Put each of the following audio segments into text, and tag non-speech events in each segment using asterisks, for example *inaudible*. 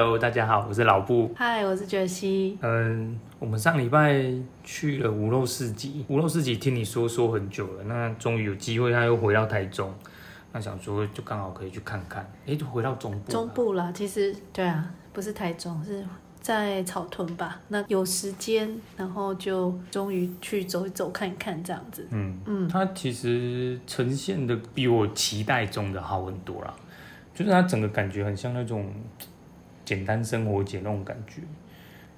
Hello，大家好，我是老布。Hi，我是杰西。嗯，我們上禮拜去了無肉市集。無肉市集聽你說說很久了，那終於有機會，他又回到台中，那想說就剛好可以去看看。誒、欸、就回到中部，中部啦。其實對啊，不是台中，是在草屯吧？那有時間，然後就終於去走一走，看一看這樣子。嗯嗯，他、嗯、其實呈現的比我期待中的好很多啦。就是他整個感覺很像那種。簡單生活節那種感覺，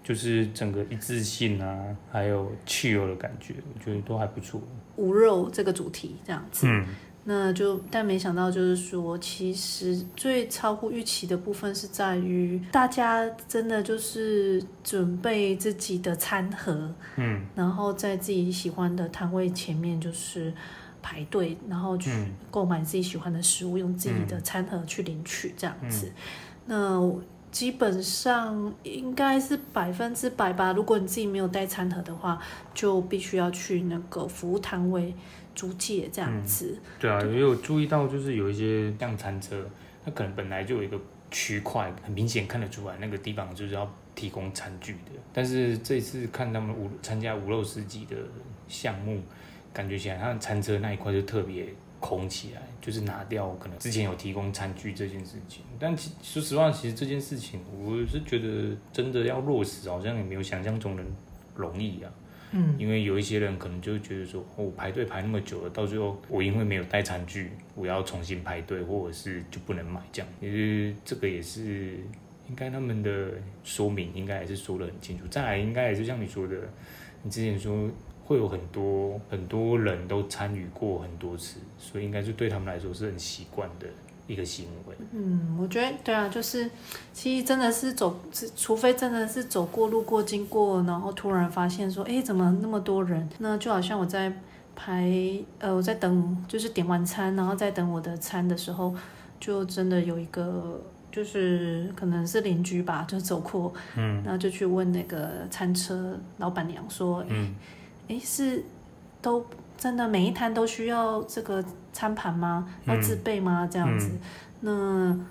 就是整個一致性啊，還有自由的感覺，我覺得都還不錯。無肉這個主題這樣子，嗯，那就但沒想到就是說，其實最超乎預期的部分是在於，大家真的就是準備自己的餐盒，嗯、然後在自己喜歡的攤位前面就是排隊，然後去購買自己喜歡的食物，嗯、用自己的餐盒去領取這樣子，嗯嗯、那我。基本上應該是百分之百吧。如果你自己沒有帶餐盒的話，就必須要去那個服務攤位租借這樣子。嗯、對啊，有對有注意到，就是有一些像餐車，它可能本來就有一個區塊，很明顯看得出來那個地方就是要提供餐具的。但是這次看他們無參加無肉市集的項目，感覺起來他們餐車那一塊就特別。空起來，就是拿掉可能之前有提供餐具這件事情。但說實話，其實這件事情，我是覺得真的要落實，好像也沒有想象中的容易啊。嗯，因為有一些人可能就覺得說，我、哦、排隊排那麼久了，到最後我因為沒有帶餐具，我要重新排隊，或者是就不能買這樣。其實這個也是應該他們的說明，應該也是說得很清楚。再來，應該也是像你說的，你之前說。會有很多很多人都參與過很多次，所以應該是對他們來說是很習慣的一個行為。嗯，我覺得對啊，就是其實真的是走，除非真的是走過、路過、經過，然後突然發現說：“哎，怎麼那麼多人？”那就好像我在排，呃，我在等，就是點完餐，然後再等我的餐的時候，就真的有一個，就是可能是鄰居吧，就走過，嗯，然後就去問那個餐車老闆娘說：“嗯。”哎，是都真的每一攤都需要這個餐盤嗎？要自備嗎？這樣子？嗯嗯、那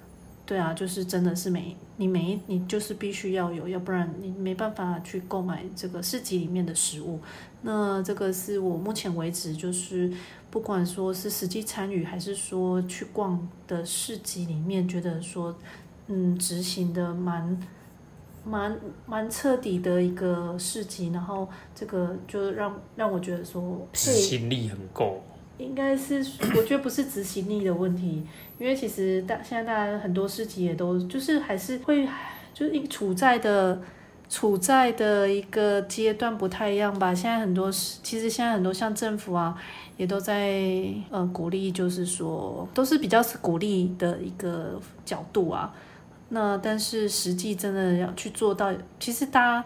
對啊，就是真的是每你每一你就是必須要有，要不然你沒辦法去購買這個市集裡面的食物。那這個是我目前為止就是不管說是實際參與還是說去逛的市集裡面，覺得說嗯執行的蠻。蠻蠻徹底的一個事情，然後這個就讓讓我覺得說執行力很夠，應該是我覺得不是執行力的問題， *coughs* 因為其實大現在大家很多事情也都就是還是會就是處在的處在的一個階段不太一樣吧。現在很多其實現在很多像政府啊也都在呃鼓勵，就是說都是比較是鼓勵的一個角度啊。那但是實際真的要去做到，其實大家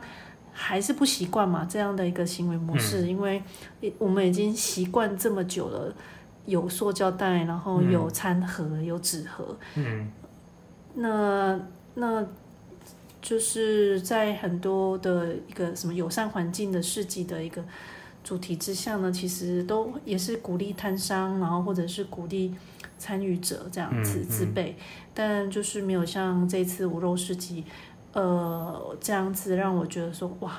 還是不習慣嘛，這樣的一個行為模式，嗯、因為我們已經習慣這麼久了，有塑膠袋，然後有餐盒，有紙盒。嗯，那那就是在很多的一個什麼友善環境的市集的一個主題之下呢，其實都也是鼓勵攤商，然後或者是鼓勵。參與者這樣子自備，嗯嗯、但就是沒有像這次無肉市集，呃，這樣子讓我覺得說哇，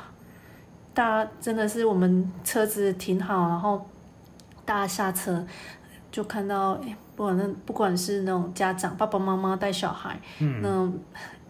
大家真的是我們車子停好，然後大家下車就看到，欸、不管不管是那種家長爸爸媽媽帶小孩，嗯、那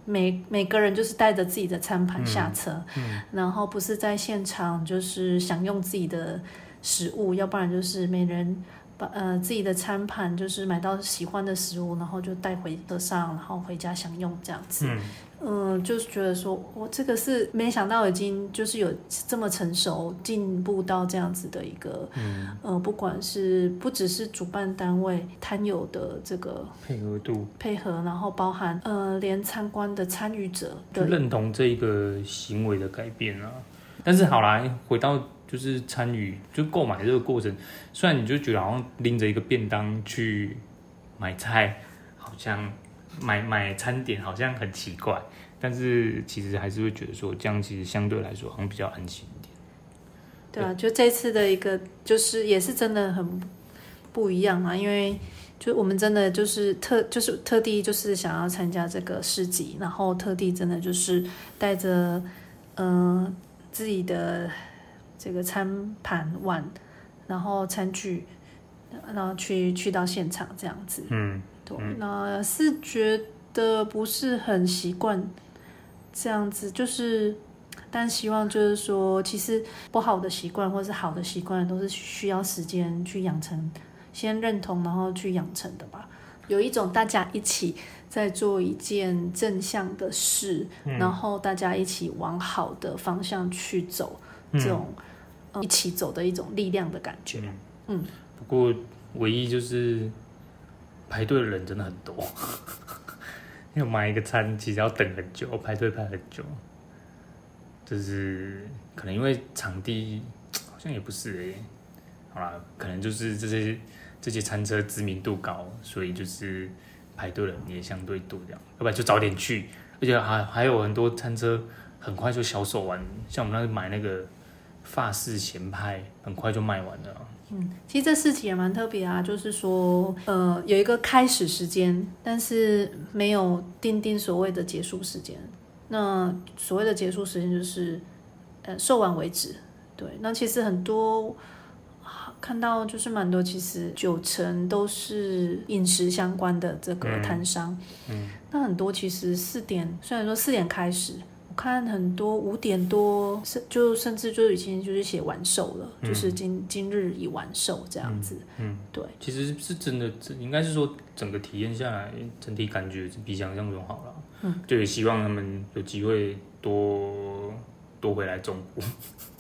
每每個人就是帶着自己的餐盤下車，嗯嗯、然後不是在現場就是享用自己的食物，要不然就是每人。把呃自己的餐盤就是買到喜歡的食物，然後就帶回車上，然後回家享用這樣子。嗯，嗯、呃，就是覺得說，我這個是沒想到已經就是有這麼成熟，進步到這樣子的一個。嗯。呃，不管是不只是主辦單位攤友的這個配合，配合度，配合，然後包含呃連參觀的參與者的認同這一個行為的改變啊。但是好來回到。就是參與就購買這個過程，雖然你就覺得好像拎着一個便當去買菜，好像買買餐點好像很奇怪，但是其實還是會覺得說這樣其實相對來說好像比較安心一點。對啊，就這次的一個就是也是真的很不一樣嘛，啊，因為就我們真的就是特就是特地就是想要參加這個市集，然後特地真的就是帶着嗯自己的。這個餐盤碗，然後餐具，然後去去到現場這樣子，嗯，對，嗯、那是覺得不是很習慣這樣子，就是，但希望就是說，其實不好的習慣或是好的習慣都是需要時間去養成，先認同，然後去養成的吧。有一種大家一起在做一件正向的事，嗯、然後大家一起往好的方向去走，嗯、這種。一起走的一種力量的感覺，嗯，嗯。不過唯一就是排隊的人真的很多， *laughs* 要買一個餐其實要等很久，排隊排很久。就是可能因為場地好像也不是哎、欸，好啦，可能就是這些這些餐車知名度高，所以就是排隊的人也相對多點。要不然就早點去，而且還還有很多餐車很快就銷售完，像我們那裡買那個。法式鹹派很快就賣完了。嗯，其實這市集也蠻特別啊，就是說，呃，有一個開始時間，但是沒有訂定所謂的結束時間。那所謂的結束時間就是，呃，售完為止。對，那其實很多看到就是蠻多，其實九成都是飲食相關的這個攤商嗯，嗯，那很多其實四點，雖然說四點開始。看很多五點多，甚，就甚至就已經就是寫完售了，嗯、就是今今日已完售這樣子。嗯，嗯，對，其實是真的，應該是說整個體驗下來，整體感覺是比想象中好了。嗯，就也希望他們有機會多對多回來中國，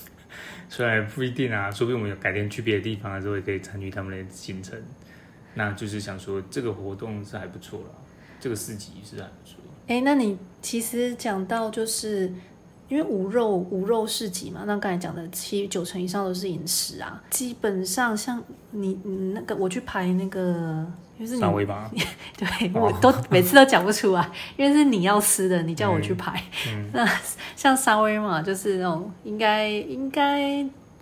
*laughs* 雖然不一定啊，說不定我們有改天去別的地方的時候也可以參與他們的行程。那就是想說，這個活動是還不錯了，這個市集是還不錯。哎、欸，那你其實講到就是因為無肉無肉市集嘛，那剛才講的七九成以上都是飲食啊，基本上像你，你那個我去排那個因為、就是你沙威瑪吧，對，哦、我都每次都講不出來，因為是你要吃的，你叫我去排。嗯嗯、那像沙威瑪嘛，就是那種應該應該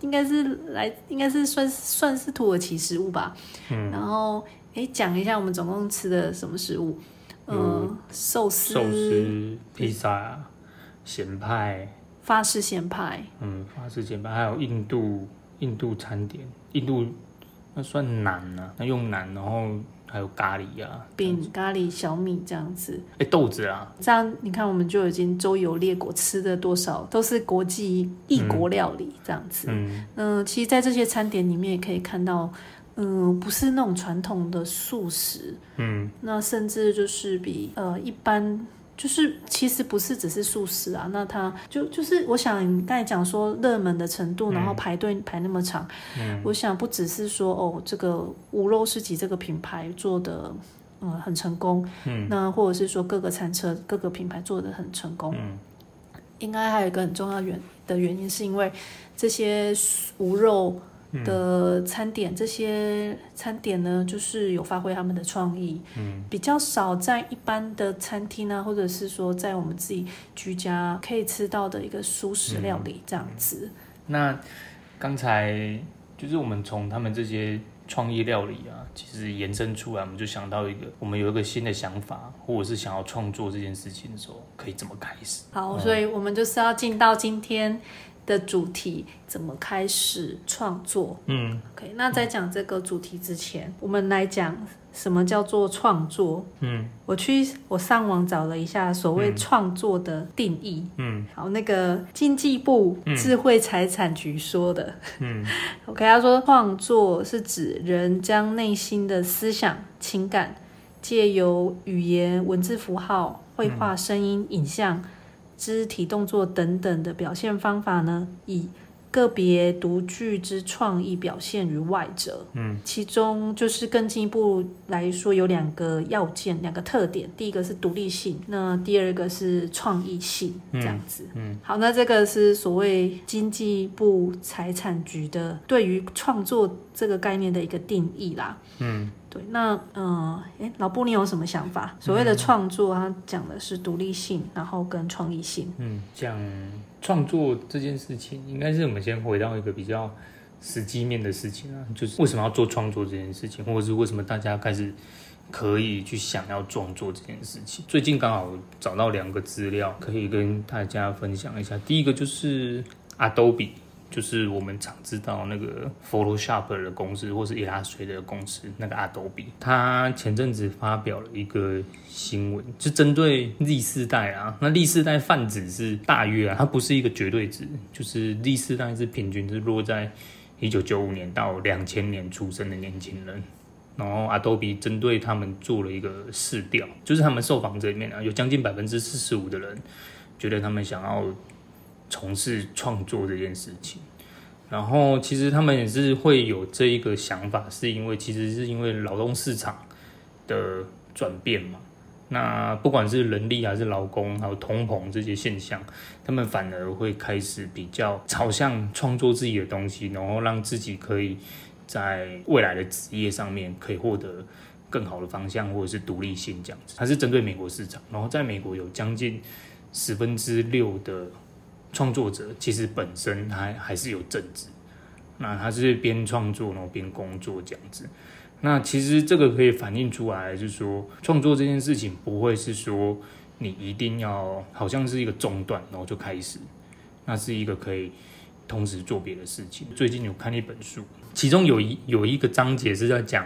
應該是來應該是算算是土耳其食物吧。嗯，然後哎、講、欸、一下我們總共吃的什麼食物。嗯，呃、壽司、壽司、披薩司啊，是鹹派、法式鹹派，嗯，法式鹹派，還有印度、印度餐點，印度那算南啊，那用南，然後還有咖喱啊，餅餅咖喱、小米這樣子，哎、欸，豆子啊，這樣你看我們就已經周遊列國吃的多少都是國際異國料理這樣子，嗯，嗯、呃，其實，在這些餐點裡面也可以看到。嗯，不是那種傳統的素食，嗯，那甚至就是比呃一般就是其實不是只是素食啊，那它就就是我想你剛才講說熱門的程度，嗯，然後排隊排那麼長，嗯，我想不只是說哦這個無肉市集這個品牌做的嗯很成功，嗯，那或者是說各個餐車各個品牌做的很成功，嗯，應該還有一個很重要原的原因是因為這些無肉。嗯、的餐點，這些餐點呢，就是有發揮他們的創意，嗯、比較少在一般的餐廳呢，或者是說在我們自己居家可以吃到的一個蔬食料理這樣子。嗯、那剛才就是我們從他們這些創意料理啊，其實延伸出來，我們就想到一個，我們有一個新的想法，或者是想要創作這件事情的時候，可以怎麼開始？好，所以我們就是要進到今天。嗯的主題怎麼開始創作？嗯，OK，那在講這個主題之前，嗯、我們來講什麼叫做創作？嗯，我去，我上網找了一下所謂創作的定義。嗯，好，那個經濟部智慧財產局說的。嗯 *laughs* ，OK，他說創作是指人將內心的思想、情感，借由語言、文字符號、繪畫、聲音、嗯、影像。肢體動作等等的表現方法呢，以個別獨具之創意表現於外者，嗯，其中就是更進一步來說，有兩個要件，兩個特點。第一個是獨立性，那第二個是創意性，這樣子，嗯，嗯，好，那這個是所謂經濟部財產局的對於創作這個概念的一個定義啦，嗯。對，那嗯，哎，老布，你有什麼想法？所謂的創作，它講的是獨立性，然後跟創意性。嗯，講創作這件事情，應該是我們先回到一個比較實際面的事情啊，就是為什麼要做創作這件事情，或者是為什麼大家開始可以去想要創作這件事情？最近剛好找到兩個資料，可以跟大家分享一下。第一個就是 Adobe。就是我們常知道那個 Photoshop 的公司，或是 Illustrator、e、的公司，那個 Adobe，他前陣子發表了一個新聞，就針對 Z 世代啊，那 Z 世代泛指是大約啊，它不是一個絕對值，就是 Z 世代是平均是落在一九九五年到兩千年出生的年輕人，然後 Adobe 針對他們做了一個市調，就是他們受訪者裡面啊，有將近百分之四十五的人覺得他們想要，從事創作這件事情，然後其實他們也是會有這一個想法，是因為其實是因為勞動市場的轉變嘛。那不管是人力還是勞工，還有通膨這些現象，他們反而會開始比較朝向創作自己的東西，然後讓自己可以在未來的職業上面可以獲得更好的方向，或者是獨立性這樣子。它是針對美國市場，然後在美國有將近十分之六的。創作者其實本身他還是有正職，那他是邊創作然後邊工作這樣子，那其實這個可以反映出來，就是說創作這件事情不會是說你一定要好像是一個中斷然後就開始，那是一個可以同時做別的事情。最近有看一本書，其中有一有一個章節是在講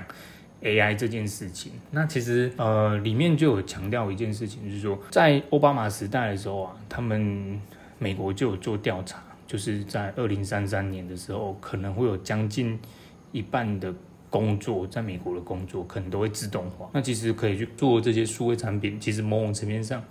AI 這件事情，那其實呃裡面就有強調一件事情，就是說在歐巴馬時代的時候啊，他們美國就有做調查，就是在二零三三年的時候，可能會有將近一半的工作，在美國的工作可能都會自動化。那其實可以去做這些數位產品，其實某種層面上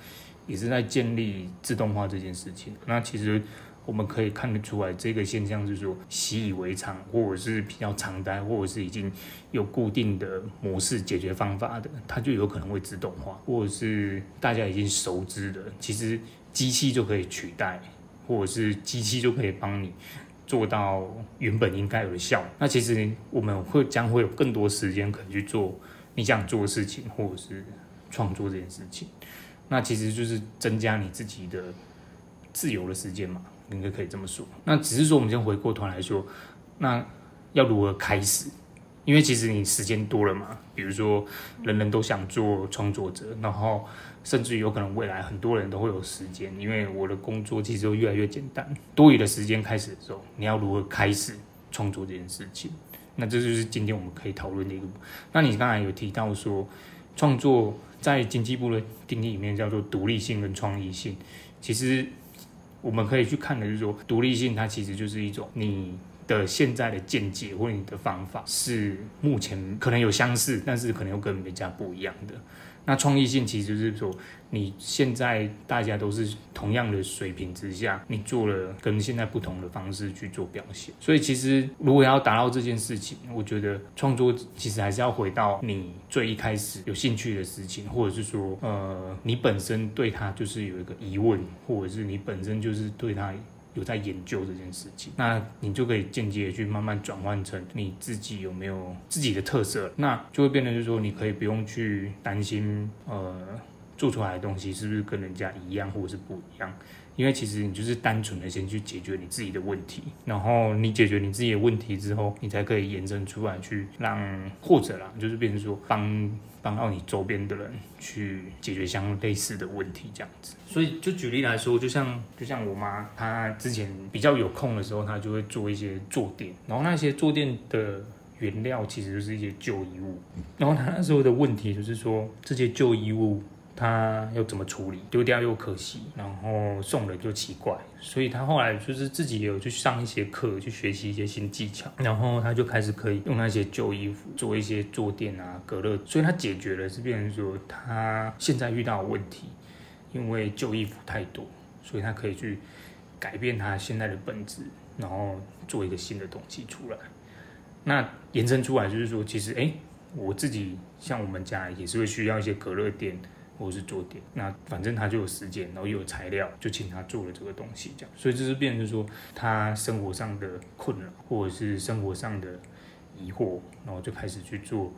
也是在建立自動化這件事情。那其實我們可以看得出來，這個現象就是說習以為常，或者是比較常態，或者是已經有固定的模式解決方法的，它就有可能會自動化，或者是大家已經熟知的，其實。機器就可以取代，或者是機器就可以幫你做到原本應該有的效。那其實我們會將會有更多時間可以去做你想做的事情，或者是創作這件事情。那其實就是增加你自己的自由的時間嘛，應該可以這麼說。那只是說我們先回過頭來說，那要如何開始？因為其實你時間多了嘛，比如說人人都想做創作者，然後甚至有可能未來很多人都會有時間，因為我的工作其實都越來越簡單，多餘的時間開始的時候，你要如何開始創作這件事情？那這就是今天我們可以討論的一個。那你剛才有提到說，創作在經濟部的定義裡面叫做獨立性跟創意性，其實我們可以去看的是說，獨立性它其實就是一種你。的現在的見解或你的方法是目前可能有相似，但是可能又跟人家不一樣的。那創意性其實是說你現在大家都是同樣的水平之下，你做了跟現在不同的方式去做表現。所以其實如果要達到這件事情，我覺得創作其實還是要回到你最一開始有興趣的事情，或者是說呃你本身對他就是有一個疑問，或者是你本身就是對他。有在研究這件事情，那你就可以間接的去慢慢轉換成你自己有沒有自己的特色，那就會變成就是說你可以不用去擔心，呃，做出來的東西是不是跟人家一樣或者是不一樣，因為其實你就是單純的先去解決你自己的問題，然後你解決你自己的問題之後，你才可以延伸出來去讓或者啦，就是變成說幫。幫到你周邊的人去解決相類似的問題，這樣子。所以就舉例來說，就像就像我媽，她之前比較有空的時候，她就會做一些坐墊，然後那些坐墊的原料其實就是一些舊衣物。然後她那時候的問題就是說，這些舊衣物。他要怎麼處理？丟掉又可惜，然後送人就奇怪，所以他後來就是自己也有去上一些課，去學習一些新技巧，然後他就開始可以用那些舊衣服做一些坐墊啊、隔熱，所以他解決了這邊說他現在遇到的問題，因為舊衣服太多，所以他可以去改變他現在的本質，然後做一個新的東西出來。那延伸出來就是說，其實哎，我自己像我們家也是會需要一些隔熱墊。或是做點，那反正他就有時間，然後又有材料，就請他做了這個東西，這樣。所以就是變成是說，他生活上的困擾，或者是生活上的疑惑，然後就開始去做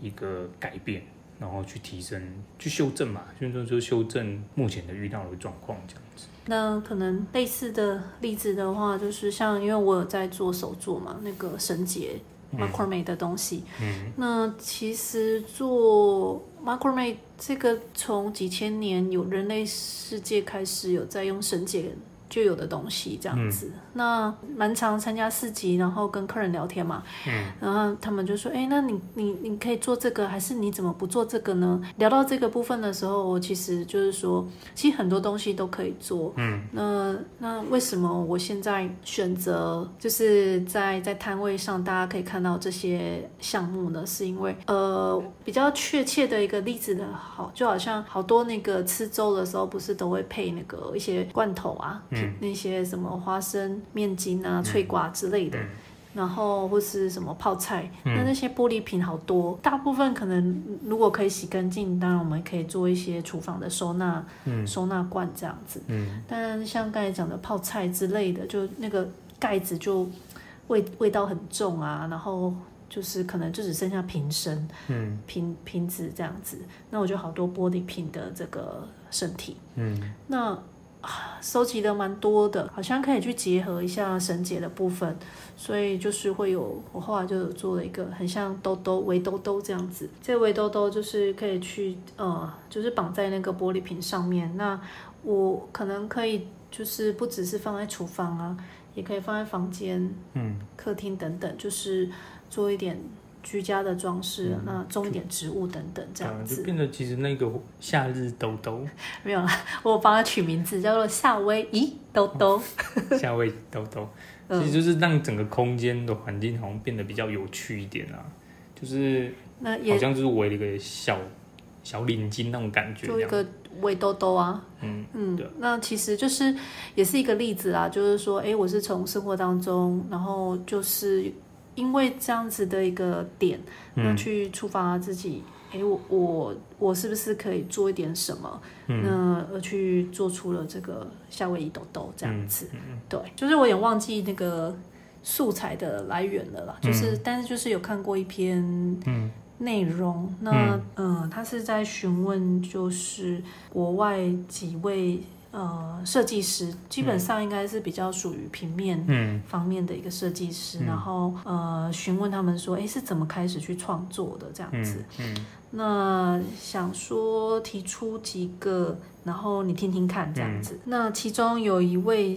一個改變，然後去提升，去修正嘛，就是說修正目前的遇到的狀況這樣子。那可能類似的例子的話，就是像因為我有在做手作嘛，那個繩結。Macrame、嗯、的東西，嗯嗯、那其實做 Macrame 這個從幾千年有人類世界開始有在用繩結就有的東西，這樣子。嗯那蠻常參加市集，然後跟客人聊天嘛。嗯，然後他們就說：“哎，那你你你可以做這個，還是你怎麼不做這個呢？”聊到這個部分的時候，我其實就是說，其實很多東西都可以做。嗯，那那為什麼我現在選擇就是在在攤位上，大家可以看到這些項目呢？是因為呃，比較確切的一個例子的，好，就好像好多那個吃粥的時候，不是都會配那個一些罐頭啊，嗯，那些什麼花生。麵筋啊、脆瓜之類的，嗯嗯、然後或是什麼泡菜，那、嗯、那些玻璃瓶好多，大部分可能如果可以洗乾淨，當然我們可以做一些廚房的收納，嗯、收納罐這樣子。嗯，但像剛才講的泡菜之類的，就那個蓋子就味味道很重啊，然後就是可能就只剩下瓶身，嗯，瓶瓶子這樣子，那我就好多玻璃瓶的這個身體，嗯，那。啊，收集的蠻多的，好像可以去結合一下繩結的部分，所以就是會有。我後來就有做了一個很像兜兜、圍兜兜這樣子。這個圍兜兜就是可以去，呃，就是綁在那個玻璃瓶上面。那我可能可以就是不只是放在廚房啊，也可以放在房間、嗯、客廳等等，就是做一點。居家的裝飾，嗯、那種一點植物等等，這樣子、啊、就變得其實那個夏日兜兜沒有啦。我幫他取名字叫做夏威夷兜兜，哦、夏威兜兜， *laughs* 其實就是讓整個空間的環境好像變得比較有趣一點啊，嗯、就是那也好像就是圍了一個小小領巾那種感覺，就一個圍兜兜啊，嗯對嗯，那其實就是也是一個例子啊，就是說，哎、欸，我是從生活當中，然後就是。因為這樣子的一個點，那去觸發自己，哎、嗯欸，我我，我是不是可以做一點什麼？嗯、那而去做出了這個夏威夷豆豆這樣子，嗯嗯、對，就是我也忘記那個素材的來源了啦。就是，嗯、但是就是有看過一篇內容，嗯那嗯、呃，他是在詢問就是國外幾位。呃，設計師基本上應該是比較屬於平面方面的一個設計師，嗯、然後呃詢問他們說，誒，是怎麼開始去創作的這樣子？嗯嗯、那想說提出幾個，然後你聽聽看這樣子。嗯、那其中有一位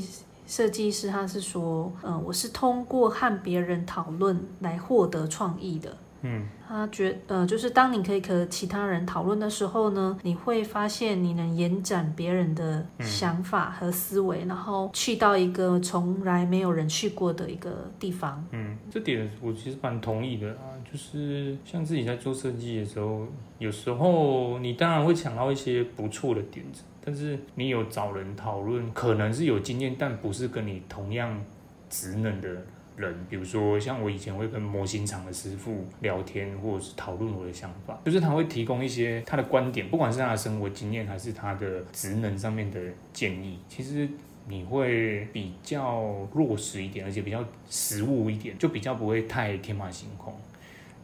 設計師，他是說，呃，我是通過和別人討論來獲得創意的。嗯，他覺呃，就是當你可以和其他人討論的時候呢，你會發現你能延展別人的想法和思維，嗯、然後去到一個從來沒有人去過的一個地方。嗯，這點我其實蠻同意的啊，就是像自己在做設計的時候，有時候你當然會想到一些不錯的點子，但是你有找人討論，可能是有經驗，但不是跟你同樣職能的，人，比如說像我以前會跟模型廠的師傅聊天，或者是討論我的想法，就是他會提供一些他的觀點，不管是他的生活經驗還是他的職能上面的建議，其實你會比較落實一點，而且比較實務一點，就比較不會太天馬行空。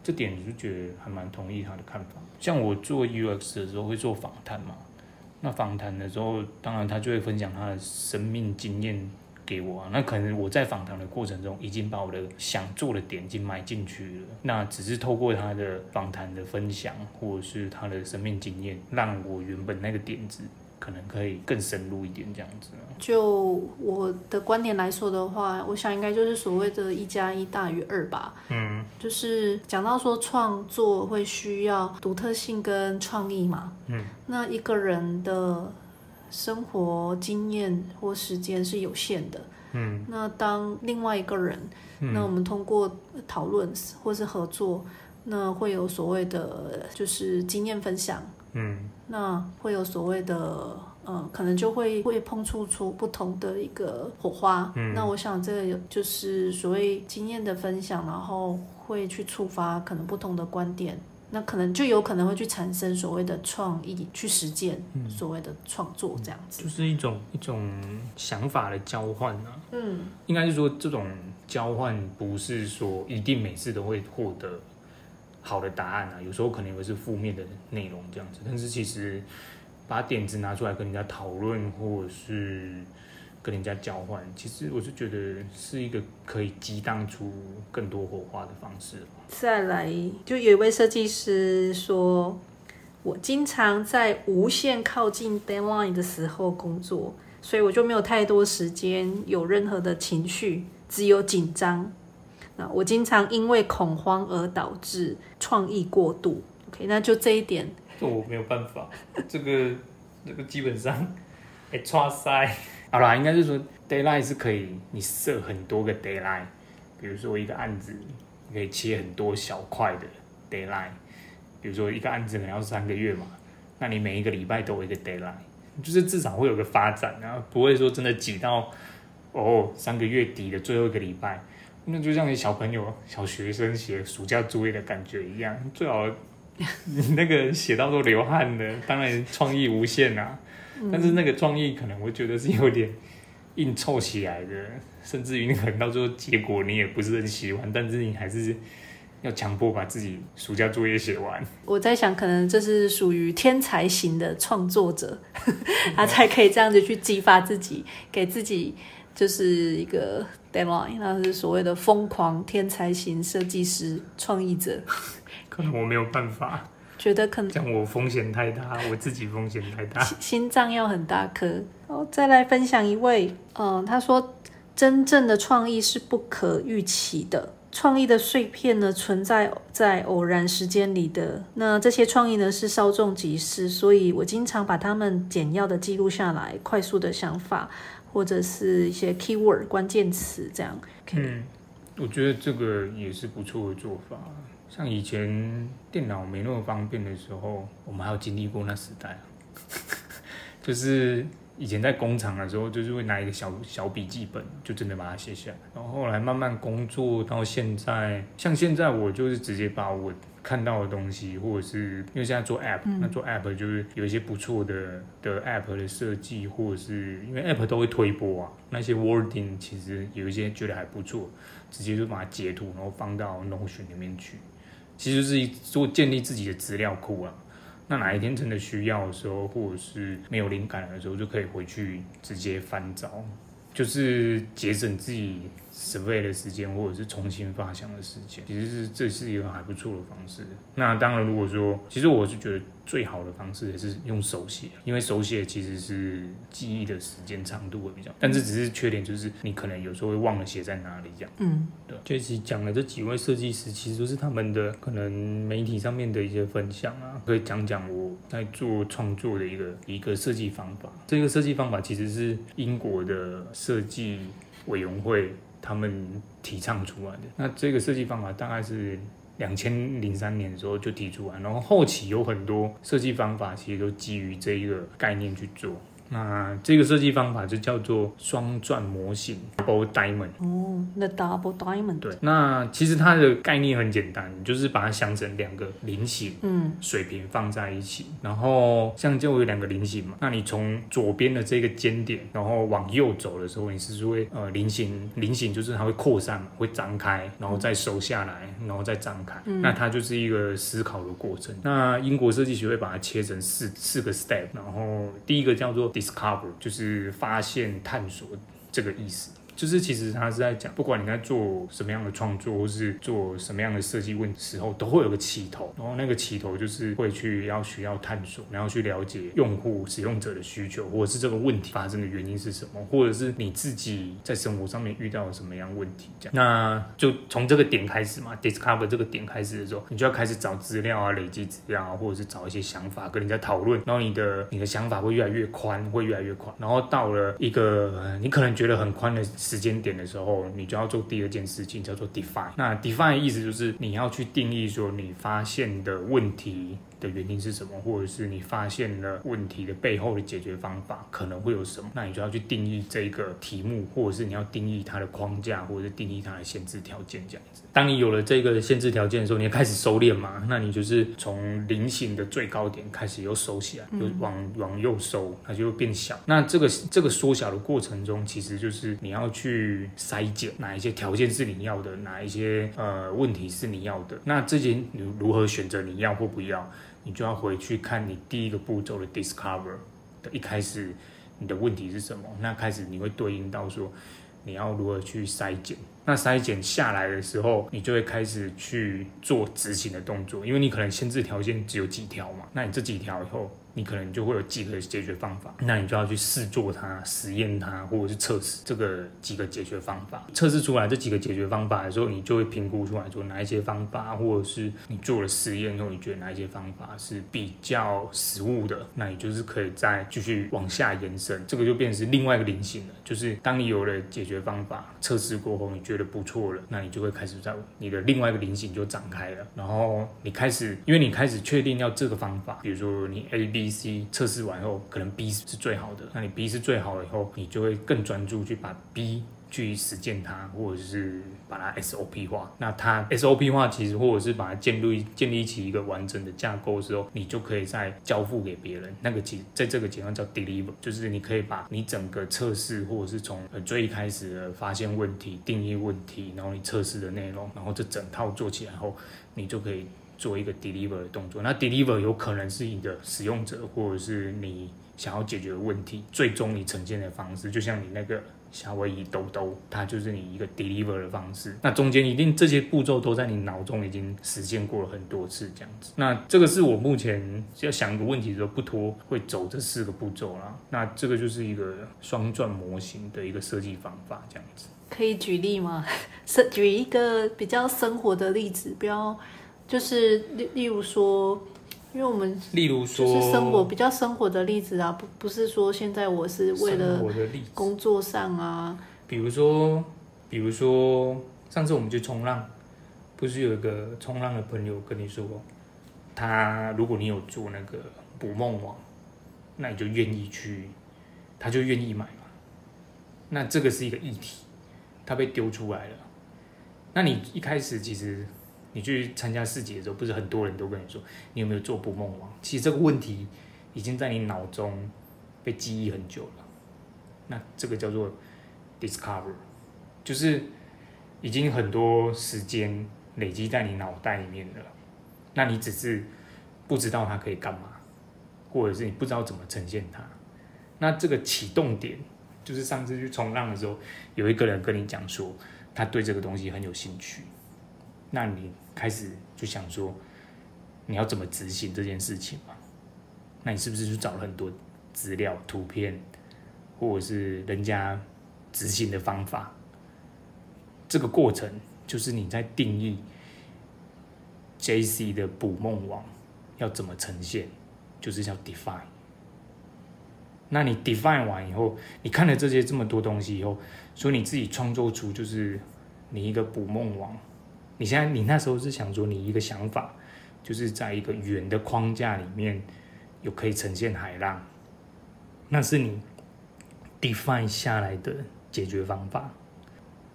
這點我就覺得還蠻同意他的看法。像我做 UX 的時候會做訪談嘛，那訪談的時候，當然他就會分享他的生命經驗。給我啊，那可能我在訪談的過程中已經把我的想做的點已經埋進去了，那只是透過他的訪談的分享，或者是他的生命經驗，讓我原本那個點子可能可以更深入一點，這樣子。就我的觀點來說的話，我想應該就是所謂的“一加一大於二”吧。嗯，就是講到說創作會需要獨特性跟創意嘛。嗯，那一個人的。生活經驗或時間是有限的，嗯，那當另外一個人，嗯，那我們通過討論或是合作，那會有所謂的，就是經驗分享，嗯，那會有所謂的，嗯，呃，可能就會會碰觸出不同的一個火花，嗯，那我想這個就是所謂經驗的分享，然後會去觸發可能不同的觀點。那可能就有可能會去產生所謂的創意，去實踐所謂的創作，這樣子、嗯嗯、就是一種一種想法的交換啊。嗯，應該是說這種交換不是說一定每次都會獲得好的答案啊，有時候可能也會是負面的內容這樣子。但是其實把點子拿出來跟人家討論，或者是，跟人家交換，其實我是覺得是一個可以激盪出更多火花的方式。再來，就有一位設計師說，我經常在無限靠近 deadline 的時候工作，所以我就沒有太多時間有任何的情緒，只有緊張。那我經常因為恐慌而導致創意過度。OK，那就這一點，我、哦、沒有辦法，這個這個 *laughs* 基本上，哎，塞。好啦，應該是說 deadline 是可以你設很多個 deadline 比如說一個案子，你可以切很多小塊的 deadline 比如說一個案子可能要三個月嘛，那你每一個禮拜都有一個 deadline，就是至少會有個發展，然後不會說真的擠到哦三個月底的最後一個禮拜，那就像你小朋友小學生寫暑假作業的感覺一樣，最好 *laughs* 你那個寫到都流汗的，當然創意無限啦、啊。但是那個創意可能我覺得是有點硬湊起來的，甚至於可能到最後結果你也不是很喜歡，但是你還是要強迫把自己暑假作業寫完。我在想，可能這是屬於天才型的創作者，呵呵，他才可以這樣子去激發自己，給自己就是一個 deadline，那是所謂的瘋狂天才型設計師、創意者。可能我沒有辦法。覺得可能像我風險太大，我自己風險太大，心臟要很大顆。再來分享一位，嗯，他說，真正的創意是不可預期的，創意的碎片呢存在在，在偶然時間裡的，那這些創意呢是稍縱即逝，所以我經常把他們簡要的記錄下來，快速的想法或者是一些 keyword 關鍵詞這樣。嗯，我覺得這個也是不錯的做法。像以前電腦沒那麼方便的時候，我們還有經歷過那時代啊， *laughs* 就是以前在工廠的時候，就是會拿一個小小筆記本，就真的把它寫下。然後後來慢慢工作到現在，像現在我就是直接把我看到的東西，或者是因為現在做 app，、嗯、那做 app 就是有一些不錯的的 app 的設計，或者是因為 app 都會推播啊，那些 wording 其實有一些覺得還不錯，直接就把它截圖，然後放到 Notion 裡面去。其實是做建立自己的資料庫啊，那哪一天真的需要的時候，或者是沒有靈感的時候，就可以回去直接翻找，就是節省自己 survey 的時間，或者是重新發想的時間。其實是這是一個還不錯的方式。那當然，如果說，其實我是覺得。最好的方式也是用手寫，因為手寫其實是記憶的時間長度會比較。但這只是缺點，就是你可能有時候會忘了寫在哪裡這樣。嗯，對。就是講了這幾位設計師，其實都是他們的可能媒體上面的一些分享啊，可以講講我在做創作的一個一個設計方法。這個設計方法其實是英國的設計委員會他們提倡出來的。那這個設計方法大概是。兩千零三年的時候就提出完，然後後期有很多設計方法，其實都基於這一個概念去做。那這個設計方法就叫做雙鑽模型，double diamond。哦，那 double diamond。對，那其實它的概念很簡單，就是把它想成兩個菱形，嗯，水平放在一起。嗯、然後像就我有兩個菱形嘛，那你從左邊的這個尖點，然後往右走的時候，你是不是會呃，菱形，菱形就是它會擴散，會張開，然後再收下來，然後再張開。嗯、那它就是一個思考的過程。那英國設計學會把它切成四四個 step，然後第一個叫做。Discover 就是發現、探索這個意思。就是其實他是在講，不管你在做什麼樣的創作或是做什麼樣的設計問題的時候，都會有個起頭，然後那個起頭就是會去要需要探索，然後去了解用戶使用者的需求，或者是這個問題發生的原因是什麼，或者是你自己在生活上面遇到的什麼樣的問題，這樣，那就從這個點開始嘛，discover 這個點開始的時候，你就要開始找資料啊，累積資料啊，或者是找一些想法跟人家討論，然後你的你的想法會越來越寬，會越來越寬，然後到了一個你可能覺得很寬的。時間點的時候，你就要做第二件事情，叫做 define。那 define 的意思就是你要去定義說你發現的問題。的原因是什麼，或者是你發現了問題的背後的解決方法可能會有什麼？那你就要去定義這一個題目，或者是你要定義它的框架，或者是定義它的限制條件這樣子。當你有了這個限制條件的時候，你要開始收斂嘛？那你就是從菱形的最高點開始又收起來，又往往右收，它就變小。嗯、那這個這個縮小的過程中，其實就是你要去篩檢哪一些條件是你要的，哪一些呃問題是你要的。那這些你如何選擇你要或不要？你就要回去看你第一個步驟的 discover 的一開始，你的問題是什麼？那開始你會對應到說你要如何去篩減。那篩減下來的時候，你就會開始去做執行的動作，因為你可能限制條件只有幾條嘛。那你這幾條以後。你可能就會有幾個解決方法，那你就要去試做它、實驗它，或者是測試這個幾個解決方法。測試出來這幾個解決方法的時候，你就會評估出來說哪一些方法，或者是你做了實驗後，你覺得哪一些方法是比較實務的，那你就是可以再繼續往下延伸。這個就變成另外一個菱形了，就是當你有了解決方法，測試過後你覺得不錯了，那你就會開始在你的另外一個菱形就展開了，然後你開始，因為你開始確定要這個方法，比如說你 A、B。C 測試完後，可能 B 是最好的。那你 B 是最好的以後，你就會更專注去把 B 去實踐它，或者是把它 SOP 化。那它 SOP 化其實，或者是把它建立建立起一個完整的架構的時候，你就可以再交付給別人。那個其，在這個階段叫 deliver，就是你可以把你整個測試，或者是從最一開始的發現問題、定義問題，然後你測試的內容，然後這整套做起來後，你就可以。做一個 deliver 的動作，那 deliver 有可能是你的使用者，或者是你想要解決的問題，最終你呈現的方式，就像你那個夏威夷抖抖，它就是你一個 deliver 的方式。那中間一定，這些步驟都在你腦中已經實現過了很多次，這樣子。那這個是我目前要想一個問題的時候，不拖會走這四個步驟啦。那這個就是一個雙鑽模型的一個設計方法，這樣子。可以舉例嗎？生舉一個比較生活的例子，不要。就是例例如說，因為我們例如說，生活比較生活的例子啊，不不是說現在我是為了我的工作上啊。比如說，比如說上次我們去衝浪，不是有一個衝浪的朋友跟你說，他如果你有做那個捕夢網，那你就願意去，他就願意買嘛。那這個是一個議題，他被丟出來了。那你一開始其實。你去參加市集的時候，不是很多人都跟你說，你有沒有做捕夢網？其實這個問題已經在你腦中被記憶很久了。那這個叫做 discover，就是已經很多時間累積在你腦袋裡面了。那你只是不知道它可以幹嘛，或者是你不知道怎麼呈現它。那這個啟動點，就是上次去衝浪的時候，有一個人跟你講說，他對這個東西很有興趣。那你開始就想說，你要怎麼執行這件事情嘛？那你是不是就找了很多資料、圖片，或者是人家執行的方法？這個過程就是你在定義 JC 的捕夢網要怎麼呈現，就是叫 define。那你 define 完以後，你看了這些這麼多東西以後，所以你自己創作出就是你一個捕夢網。你現在，你那時候是想說，你一個想法，就是在一個圓的框架裡面有可以呈現海浪，那是你 define 下來的解決方法。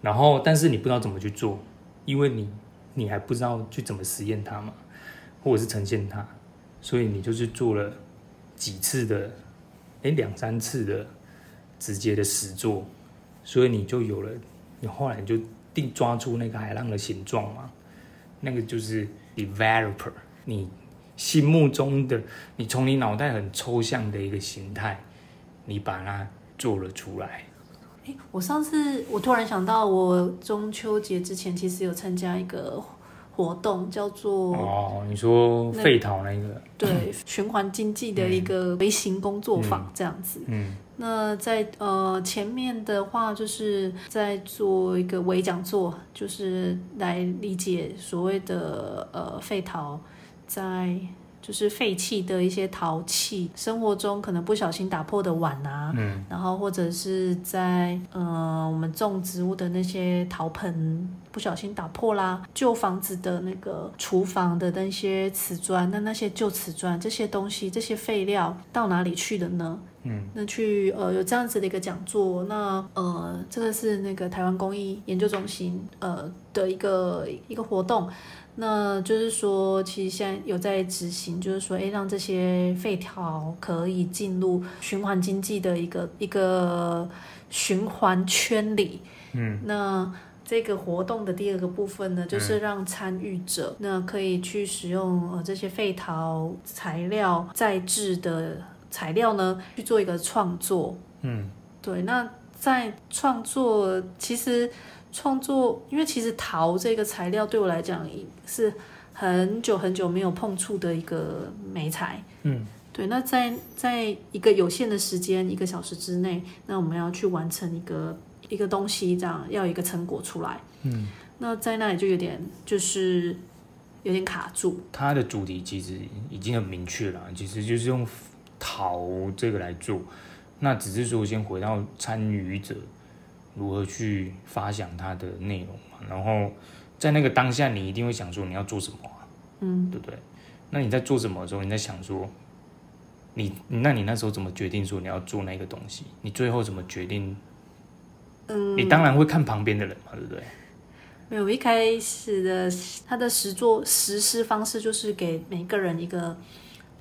然後，但是你不知道怎麼去做，因為你你還不知道去怎麼實驗它嘛，或者是呈現它，所以你就是做了幾次的，哎、欸，兩三次的直接的實作，所以你就有了，你後來你就。定抓住那個海浪的形狀嗎？那個就是 developer，你心目中的你從你腦袋很抽象的一個形態，你把它做了出來。誒，我上次我突然想到，我中秋節之前其實有參加一個。活動叫做、那個、哦，你說廢陶那一個，對，循環經濟的一個微型工作坊這樣子。嗯，嗯，那在呃前面的話，就是在做一個微講座，就是來理解所謂的呃廢陶在。就是廢棄的一些陶器，生活中可能不小心打破的碗啊，嗯，然後或者是在呃我們種植物的那些陶盆不小心打破啦，舊房子的那個廚房的那些瓷磚，那那些舊瓷磚這些東西，這些廢料到哪裡去了呢？嗯，那去呃有這樣子的一個講座，那呃這個是那個台灣工藝研究中心呃的一個一個活動。那就是說，其實現在有在執行，就是說，哎、欸，讓這些廢陶可以進入循環經濟的一個一個循環圈裡。嗯，那這個活動的第二個部分呢，就是讓參與者、嗯、那可以去使用、呃、這些廢陶材料再製的材料呢，去做一個創作。嗯，對，那在創作其實。創作，因為其實陶這個材料對我來講是很久很久沒有碰觸的一個媒材，嗯，對。那在在一個有限的時間，一個小時之內，那我們要去完成一個一個東西，這樣要一個成果出來，嗯。那在那裡就有點就是有點卡住。它的主題其實已經很明確了，其實就是用陶這個來做，那只是說先回到參與者。如何去發想它的內容嘛？然後在那個當下，你一定會想說你要做什麼、啊、嗯，對不對？那你在做什麼的時候，你在想說你那你那時候怎麼決定說你要做那個東西？你最後怎麼決定？嗯，你當然會看旁邊的人嘛，對不對？沒有，一開始的它的實作實施方式就是給每個人一個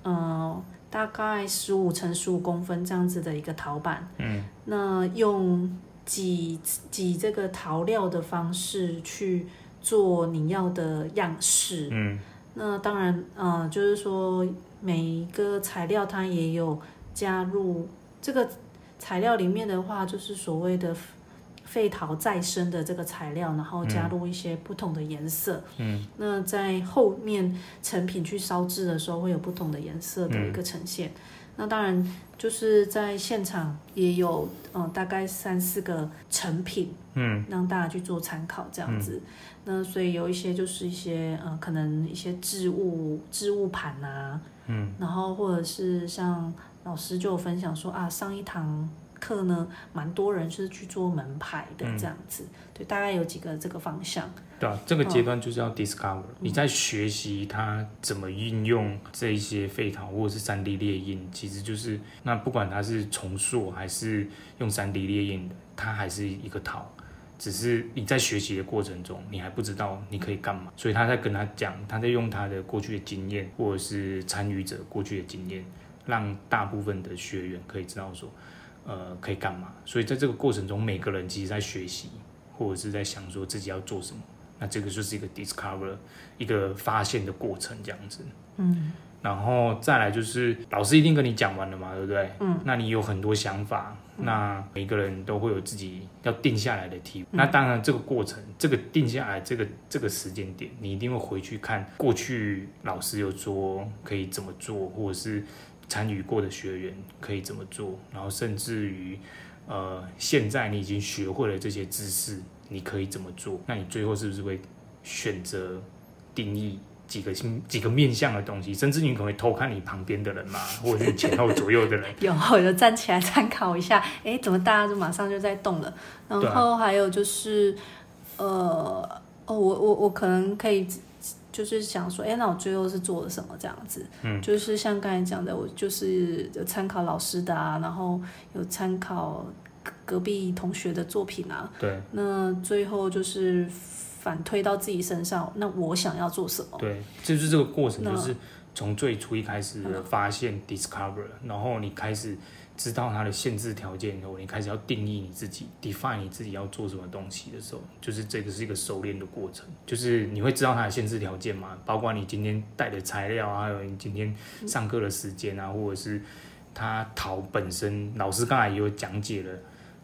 嗯、呃，大概十五乘十五公分這樣子的一個陶板。嗯，那用。擠擠這個陶料的方式去做你要的樣式，嗯，那當然，呃，就是說每一個材料它也有加入這個材料裡面的話，就是所謂的廢陶再生的這個材料，然後加入一些不同的顏色，嗯，那在後面成品去燒製的時候會有不同的顏色的一個呈現。嗯那當然就是在現場也有，呃、大概三四個成品，嗯，讓大家去做參考這樣子。嗯、那所以有一些就是一些，呃、可能一些置物置物盤啊，嗯，然後或者是像老師就有分享說啊，上一堂課呢，蠻多人就是去做門牌的這樣子，嗯、對，大概有幾個這個方向。對啊，這個階段就是要 discover、嗯。你在學習他怎麼運用這些廢陶或者是三 D 列印，嗯、其實就是那不管他是重塑還是用三 D 列印，他還是一個陶，只是你在學習的過程中，你還不知道你可以幹嘛。嗯、所以他在跟他講，他在用他的過去的經驗，或者是參與者過去的經驗，讓大部分的學員可以知道說。呃，可以幹嘛？所以在這個過程中，每個人其實在學習，或者是在想說自己要做什麼。那這個就是一個 discover，一個發現的過程，這樣子。嗯。然後再來就是老師一定跟你講完了嘛，對不對？嗯。那你有很多想法，那每個人都會有自己要定下來的題。嗯。那當然，這個過程，這個定下來，這個這個時間點，你一定會回去看過去老師有說可以怎麼做，或者是。參與過的學員可以怎麼做？然後甚至於，呃，現在你已經學會了這些知識，你可以怎麼做？那你最後是不是會選擇定義幾個，幾個面向的東西？甚至你可能會偷看你旁邊的人嘛，或者是你前後左右的人， *laughs* 有後我就站起來參考一下。哎、欸，怎麼大家就馬上就在動了？然後還有就是，啊、呃，哦，我我我可能可以。就是想說，哎、欸，那我最後是做了什麼這樣子？嗯，就是像剛才講的，我就是有參考老師的啊，然後有參考隔壁同學的作品啊。對，那最後就是反推到自己身上，那我想要做什麼？對，就是這個過程，就是。從最初一開始發現 Okay. discover，然後你開始知道它的限制條件以後，你開始要定義你自己 define 你自己要做什麼東西的時候，就是這個是一個熟練的過程，就是你會知道它的限制條件嘛，包括你今天帶的材料啊，還有你今天上課的時間啊，或者是它陶本身，老師剛才也有講解了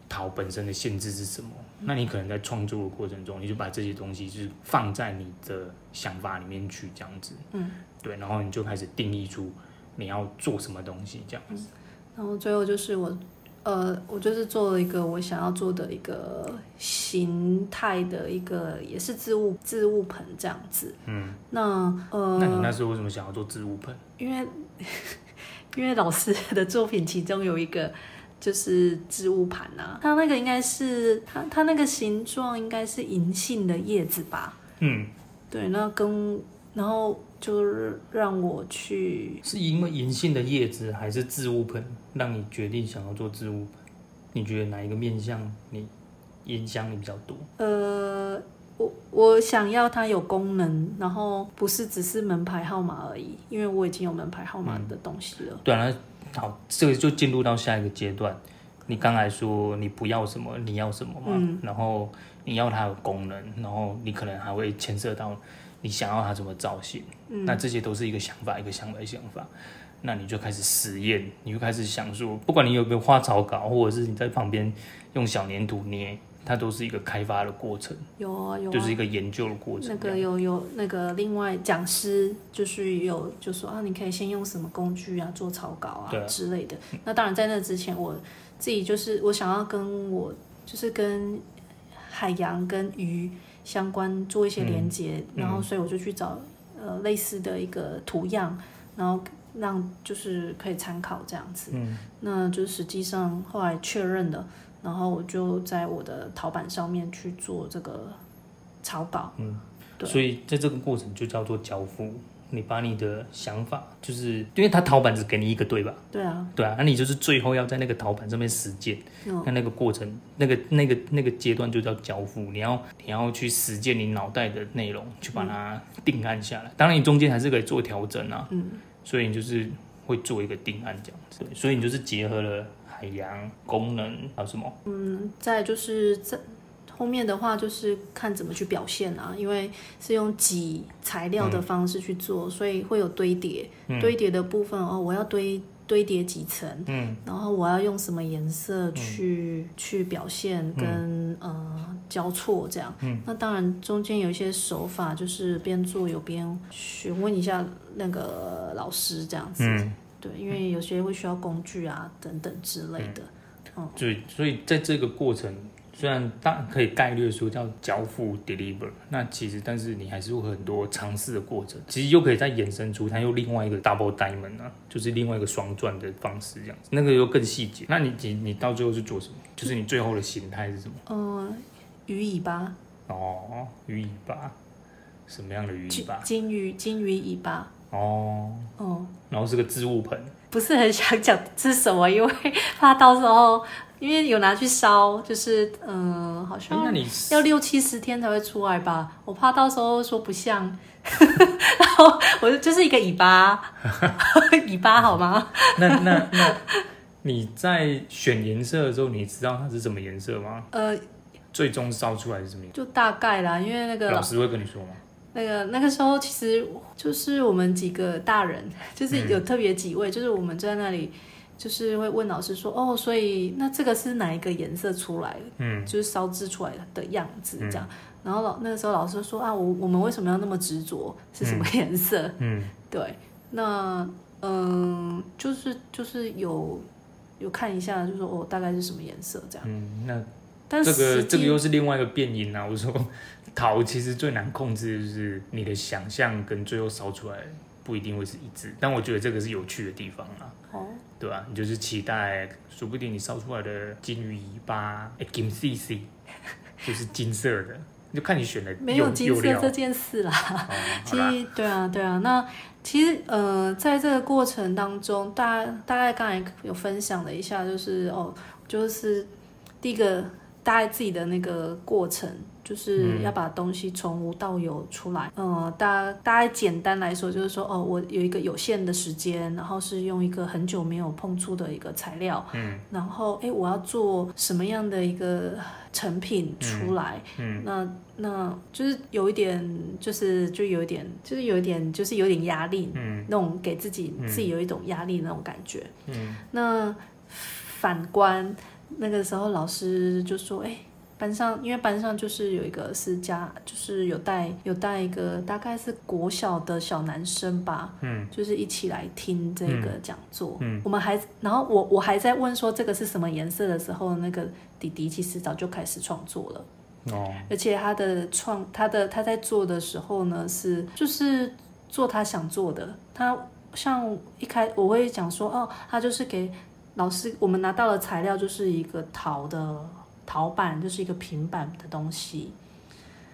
陶本身的限制是什麼。那你可能在創作的過程中，你就把這些東西就是放在你的想法裡面去這樣子，嗯，對，然後你就開始定義出你要做什麼東西這樣子。嗯，然後最後就是我，呃，我就是做了一個我想要做的一個形態的一個，也是置物置物盆這樣子。嗯，那呃，那你那時候為什麼想要做置物盆？因為因為老師的作品其中有一個。就是置物盤啊，它那個應該是它它那個形狀應該是銀杏的葉子吧？嗯，對。那跟然後就是讓我去，是因為銀杏的葉子還是置物盆讓你決定想要做置物盆？你覺得哪一個面向你影響你比較多？呃，我我想要它有功能，然後不是只是門牌號碼而已，因為我已經有門牌號碼的東西了。嗯，對啊。好，這個就進入到下一個階段。你剛才說你不要什麼，你要什麼嘛？嗯、然後你要它的功能，然後你可能還會牽涉到你想要它什麼造型。嗯、那這些都是一個想法，一個想法，想法。那你就開始實驗，你就開始想說，不管你有沒有畫草稿，或者是你在旁邊用小粘土捏，它都是一個開發的過程。有啊，有啊，就是一個研究的過程。那個有有那個另外講師就是有就說啊，你可以先用什麼工具啊做草稿啊，啊之類的。那當然在那之前，我自己就是我想要跟我就是跟海洋跟魚相關做一些連接，嗯，嗯，然後所以我就去找呃類似的一個圖樣，然後讓就是可以參考這樣子，嗯，那就是實際上後來確認的，然後我就在我的陶板上面去做這個草稿，嗯，對所以在這個過程就叫做交付。你把你的想法，就是因為他陶板只給你一個對吧？對啊，對啊，那你就是最後要在那個陶板上面實踐，嗯，那那個過程，那個那個那個階段就叫交付。你要你要去實踐你腦袋的內容，去把它定案下來。嗯、當然，你中間還是可以做調整啊，嗯。所以你就是會做一個定案這樣子，對，所以你就是結合了海洋功能還有什麼？嗯，再就是這後面的話就是看怎麼去表現啊，因為是用擠材料的方式去做，嗯、所以會有堆疊堆疊的部分哦。我要堆。堆疊幾層，嗯，然後我要用什麼顏色去、嗯、去表現跟，跟、嗯、呃交錯這樣，嗯，那當然中間有一些手法，就是邊做有邊詢問一下那個老師這樣子，嗯，對，因為有些會需要工具啊等等之類的，嗯、對、嗯，所以在這個過程。雖然大可以概略說叫交付 deliver，那其實但是你還是有很多嘗試的過程。其實又可以再衍生出它又另外一個 double diamond 啊，就是另外一個雙鑽的方式這樣子，那個又更細節。那你你你到最後是做什麼？就是你最後的形態是什麼？呃，魚尾巴。哦，魚尾巴，什麼樣的魚尾巴？金魚，金魚尾巴。哦，哦，然後是個置物盆。不是很想講是什麼，因為怕到時候。因為有拿去燒，就是嗯、呃，好像那要六七十天才會出來吧。我怕到時候說不像， *laughs* 然後我就是一個尾巴， *laughs* 尾巴好嗎？那那那你在選顏色的時候，你知道它是什麼顏色嗎？呃，最終燒出來是什麼顏色？就大概啦，因為那個老師會跟你說嗎？那個那個時候其實就是我們幾個大人，就是有特別幾位，嗯、就是我們在那裡。就是會問老師說哦，所以那這個是哪一個顏色出來？嗯，就是燒製出來的樣子這樣。嗯、然後老那個時候老師說啊，我我們為什麼要那麼執着？是什麼顏色？嗯，嗯，對，那嗯，就是就是有有看一下就是，就說哦，大概是什麼顏色這樣。嗯，那但這個這個又是另外一個變因啊。我說陶其實最難控制就是你的想象跟最後燒出來不一定會是一致，但我覺得這個是有趣的地方啊。哦。對啊，你就是期待，說不定你燒出來的金魚尾巴，欸、金 CC，就是金色的，就看你選的沒有金色這件事啦。嗯、其實，對啊，對啊。那其實，呃，在這個過程當中，大大概剛才有分享了一下，就是哦，就是第一個，大概自己的那個過程。就是要把東西從無到有出來，嗯，大大概簡單來說就是說，哦，我有一個有限的時間，然後是用一個很久沒有碰觸的一個材料，嗯，然後欸，我要做什麼樣的一個成品出來，嗯，嗯那那就是有一點，就是就有一點，就是有一點，就是有一點壓力，嗯，那種給自己、嗯、自己有一種壓力那種感覺，嗯，那反觀那個時候老師就說，欸。班上，因為班上就是有一個私家，就是有帶有帶一個大概是國小的小男生吧，嗯，就是一起來聽這個講座，嗯，嗯，我們還，然後我我還在問說這個是什麼顏色的時候，那個弟弟其實早就開始創作了，哦，而且他的創，他的他在做的時候呢是就是做他想做的，他像一開我會講說哦，他就是給老師我們拿到的材料就是一個陶的。陶板，就是一個平板的東西，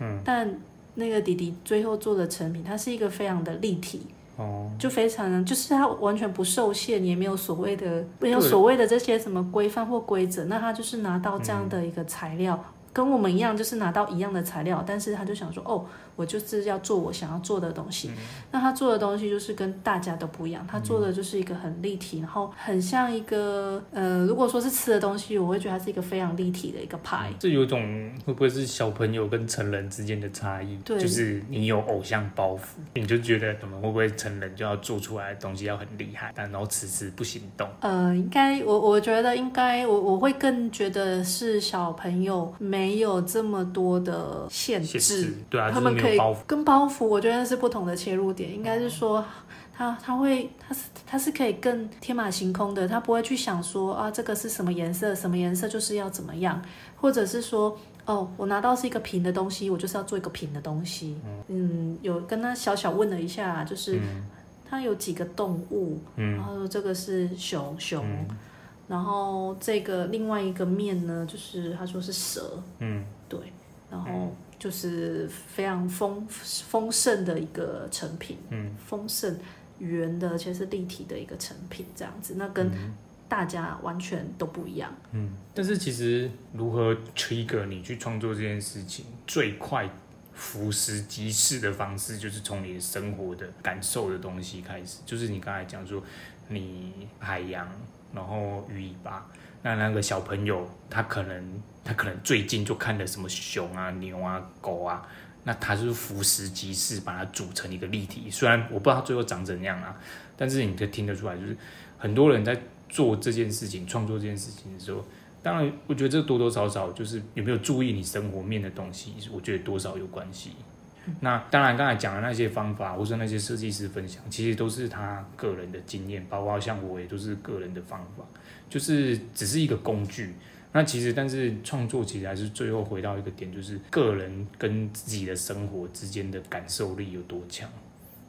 嗯、但那個弟弟最後做的成品，它是一個非常的立體，哦，就非常就是它完全不受限，也沒有所謂的沒有所謂的這些什麼規範或規則，對那他就是拿到這樣的一個材料，嗯、跟我們一樣，就是拿到一樣的材料，但是他就想說，哦。我就是要做我想要做的東西，嗯、那他做的東西就是跟大家都不一樣，他做的就是一個很立體，嗯、然後很像一個呃，如果說是吃的東西，我會覺得他是一個非常立體的一個派。這、嗯、有種會不會是小朋友跟成人之間的差異？對，就是你有偶像包袱，你就覺得怎麼會不會成人就要做出來的東西要很厲害，但然後遲遲不行動。呃，應該我我覺得應該我我會更覺得是小朋友沒有這麼多的限制，限制對啊，他們。跟包袱，跟包袱我覺得是不同的切入點，應該是說他他會他是他是可以更天馬行空的，他不會去想說啊這個是什麼顏色，什麼顏色就是要怎麼樣，或者是說哦我拿到是一個平的東西，我就是要做一個平的東西。嗯，有跟他小小問了一下，就是他有幾個動物，然後這個是熊熊，然後這個另外一個面呢，就是他說是蛇。嗯，對，然後。就是非常豐豐盛的一個成品，嗯，豐盛圓的，而且是立體的一個成品，這樣子，那跟大家完全都不一樣，嗯。但是其實如何 trigger 你去創作這件事情，最快俯拾即是的方式，就是從你的生活的感受的東西開始，就是你剛才講說你海洋，然後魚尾巴。那那個小朋友，他可能他可能最近就看了什麼熊啊、牛啊、狗啊，那他就是俯拾即是，把它組成一個立體。雖然我不知道他最後長怎樣啊，但是你可聽得出來，就是很多人在做這件事情、創作這件事情的時候，當然我覺得這多多少少就是有沒有注意你生活面的東西，我覺得多少有關係。那當然，剛才講的那些方法，或者那些設計師分享，其實都是他個人的經驗，包括像我也都是個人的方法，就是只是一個工具。那其實，但是創作其實還是最後回到一個點，就是個人跟自己的生活之間的感受力有多強，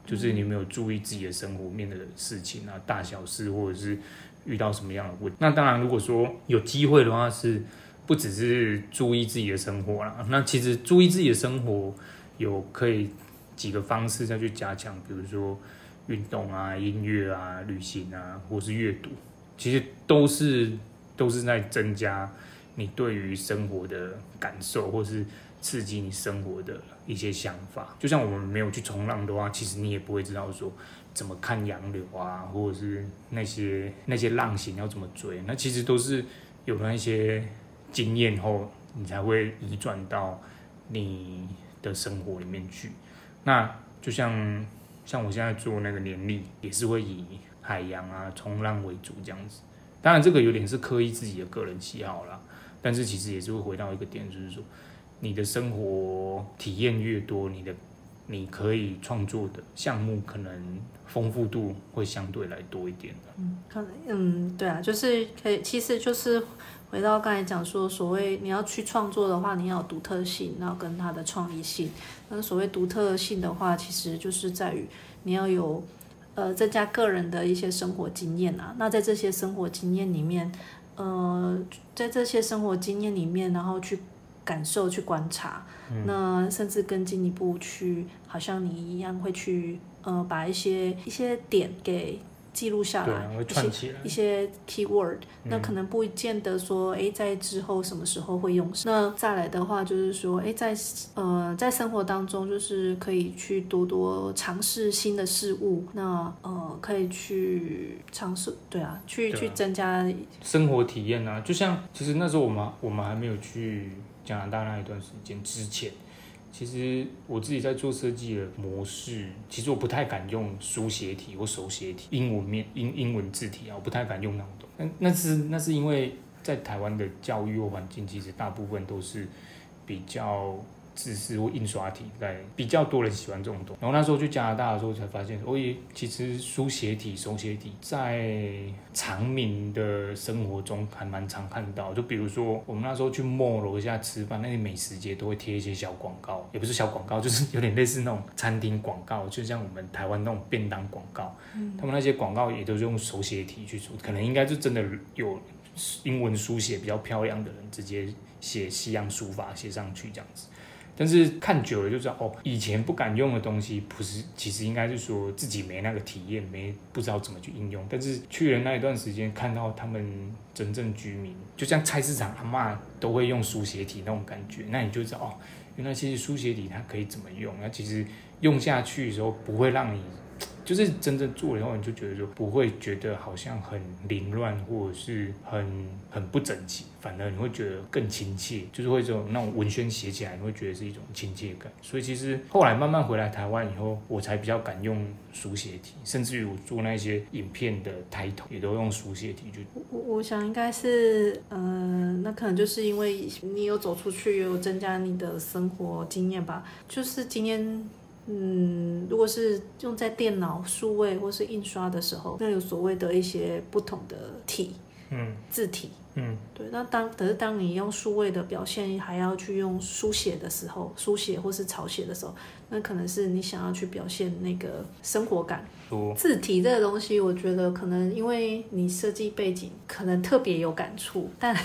就是你有沒有注意自己的生活面對的事情啊，大小事或者是遇到什麼樣的問題。那當然，如果說有機會的話，是不只是注意自己的生活啊，那其實注意自己的生活，有可以幾個方式再去加強，比如說運動啊、音樂啊、旅行啊，或是閱讀，其實都是都是在增加你對於生活的感受，或是刺激你生活的一些想法。就像我們沒有去衝浪的話，其實你也不會知道說怎麼看洋流啊，或者是那些那些浪型要怎麼追。那其實都是有那些經驗後，你才會移轉到你。的生活裡面去，那就像像我現在做那個年曆，也是會以海洋啊、衝浪為主這樣子。當然，這個有點是刻意自己的個人喜好啦。但是其實也是會回到一個點，就是說，你的生活體驗越多，你的你可以創作的項目可能豐富度會相對來多一點。嗯，可能嗯，對啊，就是可以，其實就是。回到剛才講說，所謂你要去創作的話，你要有獨特性，然後跟他的創意性。那所謂獨特性的話，其實就是在於你要有，呃，增加個人的一些生活經驗啊。那在這些生活經驗裡面，呃，在這些生活經驗裡面，然後去感受、去觀察，嗯、那甚至更進一步去，好像你一樣會去，呃，把一些一些點給。記錄下來，、啊、來一些一些 keyword，、嗯、那可能不見得說，哎，在之後什麼時候會用？那再來的話就是說，哎，在呃，在生活當中，就是可以去多多嘗試新的事物。那呃，可以去嘗試，對啊，去啊去增加生活體驗啊。就像其實那時候我們我們還沒有去加拿大那一段時間之前。其實我自己在做設計的模式，其實我不太敢用書寫體或手寫體英文面英英文字體啊，我不太敢用那麼多，那那是那是因為在台灣的教育或環境，其實大部分都是比較。知是。或印刷體，在比較多人喜歡這種東西。然後那時候去加拿大的時候，才發現，我、哦、也其實書寫體、手寫體在常民的生活中還蠻常看到。就比如說，我們那時候去某樓下吃飯，那些美食街都會貼一些小廣告，也不是小廣告，就是有點類似那種餐廳廣告，就像我們台灣那種便當廣告。嗯，他們那些廣告也都是用手寫體去做，嗯、可能應該就真的有英文書寫比較漂亮的人直接寫西洋書法寫上去這樣子。但是看久了就知道，哦，以前不敢用的東西，不是，其實應該是說自己沒那個體驗，沒不知道怎麼去應用。但是去了那一段時間，看到他們真正居民，就像菜市場阿嬤都會用書寫體那種感覺，那你就知道，哦，原來其實書寫體它可以怎麼用，那其實用下去的時候不會讓你。就是真正做了以後，你就覺得說不會覺得好像很凌亂，或者是很很不整齊，反而你會覺得更親切，就是會這種那種文宣寫起來你會覺得是一種親切感。所以其實後來慢慢回來台灣以後，我才比較敢用手寫體，甚至於我做那些影片的抬頭也都用手寫體。就我我我想應該是，嗯、呃，那可能就是因為你有走出去，有，有增加你的生活經驗吧。就是今天。嗯，如果是用在電腦數位或是印刷的時候，那有所謂的一些不同的體，嗯，字體，嗯，對。那當，可是當你用數位的表現，還要去用書寫的時候，書寫或是草寫的時候，那可能是你想要去表現那個生活感。多字體這個東西，我覺得可能因為你設計背景可能特別有感觸，但。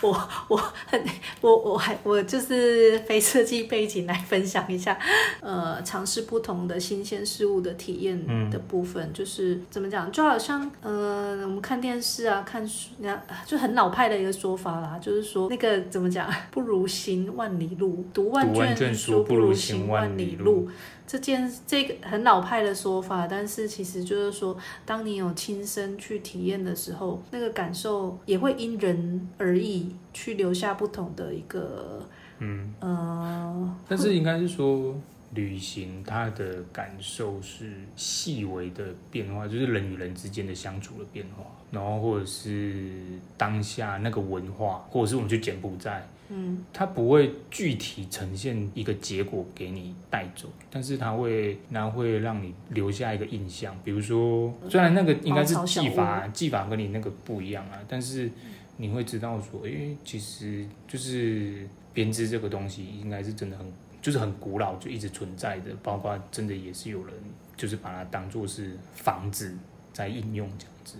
我我很我我還我就是非設計背景來分享一下，呃，嘗試不同的新鮮事物的體驗的部分，嗯、就是怎麼講，就好像呃，我們看電視啊，看書，那就很老派的一個說法啦，就是說那個怎麼講，不如行萬里路，讀萬卷書不如行萬里路。這件這個很老派的說法，但是其實就是說，當你有親身去體驗的時候，那個感受也會因人而異，去留下不同的一個，嗯嗯、呃、但是應該是說。旅行，它的感受是細微的變化，就是人與人之間的相處的變化，然後或者是當下那個文化，或者是我們去柬埔寨，嗯，它不會具體呈現一個結果給你帶走，但是它會，然後會讓你留下一個印象。比如說，Okay，雖然那個應該是技法，嗯、技法跟你那個不一樣啊，但是你會知道說，哎、欸，其實就是編織這個東西，應該是真的很。就是很古老，就一直存在的，包括真的也是有人，就是把它當做是房子在應用這樣子，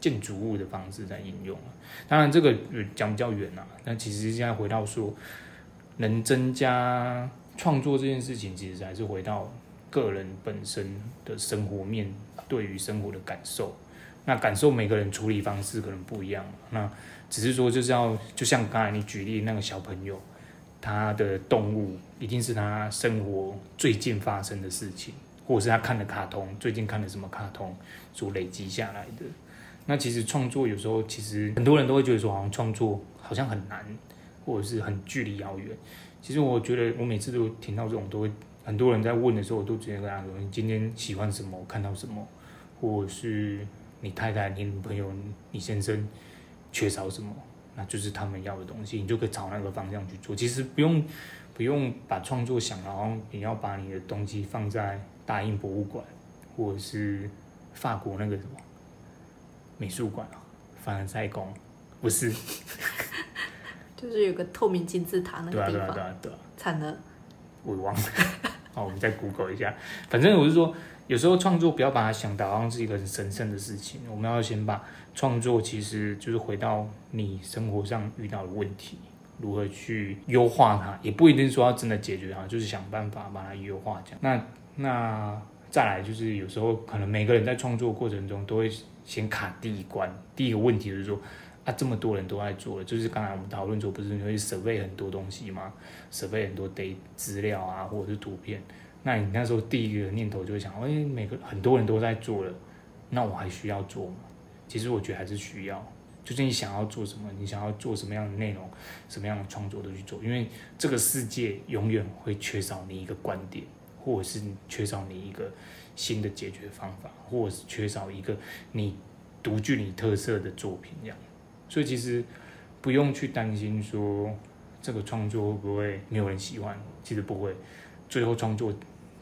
建築物的方式在應用。當然這個講比較遠了啊，但其實現在回到說，能增加創作這件事情，其實還是回到個人本身的生活面，對於生活的感受。那感受每個人處理方式可能不一樣，那只是說就是要，就像剛才你舉例那個小朋友。他的動物一定是他生活最近發生的事情，或者是他看的卡通，最近看的什麼卡通所累積下來的。那其實創作有時候，其實很多人都會覺得說，好像創作好像很難，或者是很距離遙遠。其實我覺得，我每次都聽到這種，都會很多人在問的時候，我都直接跟他說：“你今天喜歡什麼？看到什麼？或者是你太太、你女朋友、你先生缺少什麼？”那就是他們要的東西，你就可以朝那個方向去做。其實不用，不用把創作想，然後你要把你的東西放在大英博物館，或者是法國那個什麼美術館啊，凡爾賽宮，不是， *laughs* 就是有個透明金字塔那個地方，對啊對啊，慘了，我忘了。 *laughs* 好，我們再 Google 一下。反正我是說，有時候創作不要把它想的，好像是一個很神聖的事情。我們要先把創作，其實就是回到你生活上遇到的問題，如何去優化它，也不一定說要真的解決它，就是想辦法把它優化掉。那那再來就是，有時候可能每個人在創作過程中都會先卡第一關，第一個問題就是說，啊，這麼多人都在做了，就是剛才我們討論說，不是你會 survey 很多東西嗎？survey 很多堆資料啊，或者是圖片。那你那時候第一個念頭就會想，哎、欸，每個很多人都在做了，那我還需要做嗎？其實我覺得還是需要。就是你想要做什麼，你想要做什麼樣的內容，什麼樣的創作都去做，因為這個世界永遠會缺少你一個觀點，或者是缺少你一個新的解決方法，或者是缺少一個你獨具你特色的作品，這樣。所以其實不用去擔心說這個創作會不會沒有人喜歡，其實不會。最後創作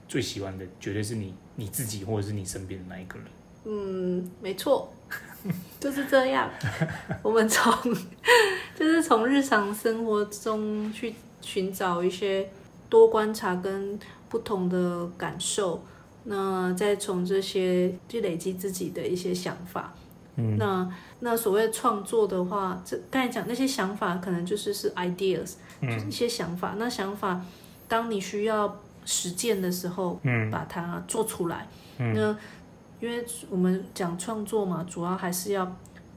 最喜歡的絕對是你你自己或者是你身邊的那一個人。嗯，沒錯， *laughs* 就是這樣。 *laughs* 我們從就是從日常生活中去尋找一些多觀察跟不同的感受，那再從這些去累積自己的一些想法。嗯、那那所謂創作的話，這剛才講那些想法可能就是是 ideas，、嗯、就是一些想法。那想法，當你需要實踐的時候，嗯、把它做出來。嗯、那因為我們講創作嘛，主要還是要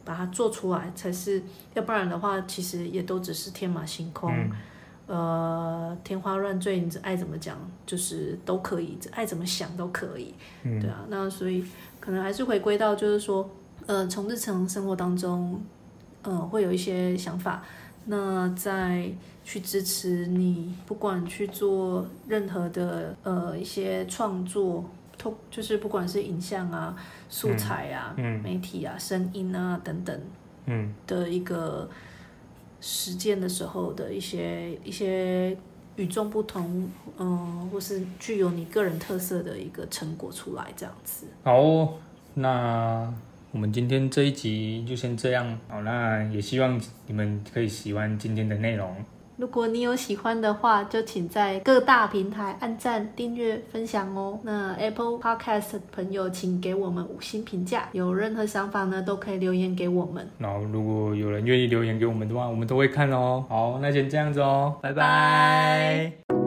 把它做出來才是，要不然的話，其實也都只是天馬行空，嗯、呃，天花亂墜，你愛怎麼講就是都可以，愛怎麼想都可以。嗯、對啊，那所以可能還是回歸到就是說。呃，從日常生活當中，呃，會有一些想法。那再去支持你，不管去做任何的呃一些創作，通就是不管是影像啊、素材啊、嗯嗯、媒體啊、聲音啊等等，嗯，的一個實踐的時候的一些一些與眾不同，嗯、呃，或是具有你個人特色的一個成果出來，這樣子。好，oh, 那。我們今天這一集就先這樣，好，那也希望你們可以喜歡今天的內容。如果你有喜歡的話，就請在各大平台按讚、訂閱、分享哦。那 Apple Podcast 的朋友，請給我們五星評價。有任何想法呢，都可以留言給我們。然後，如果有人願意留言給我們的話，我們都會看哦。好，那先這樣子哦，拜拜。拜拜。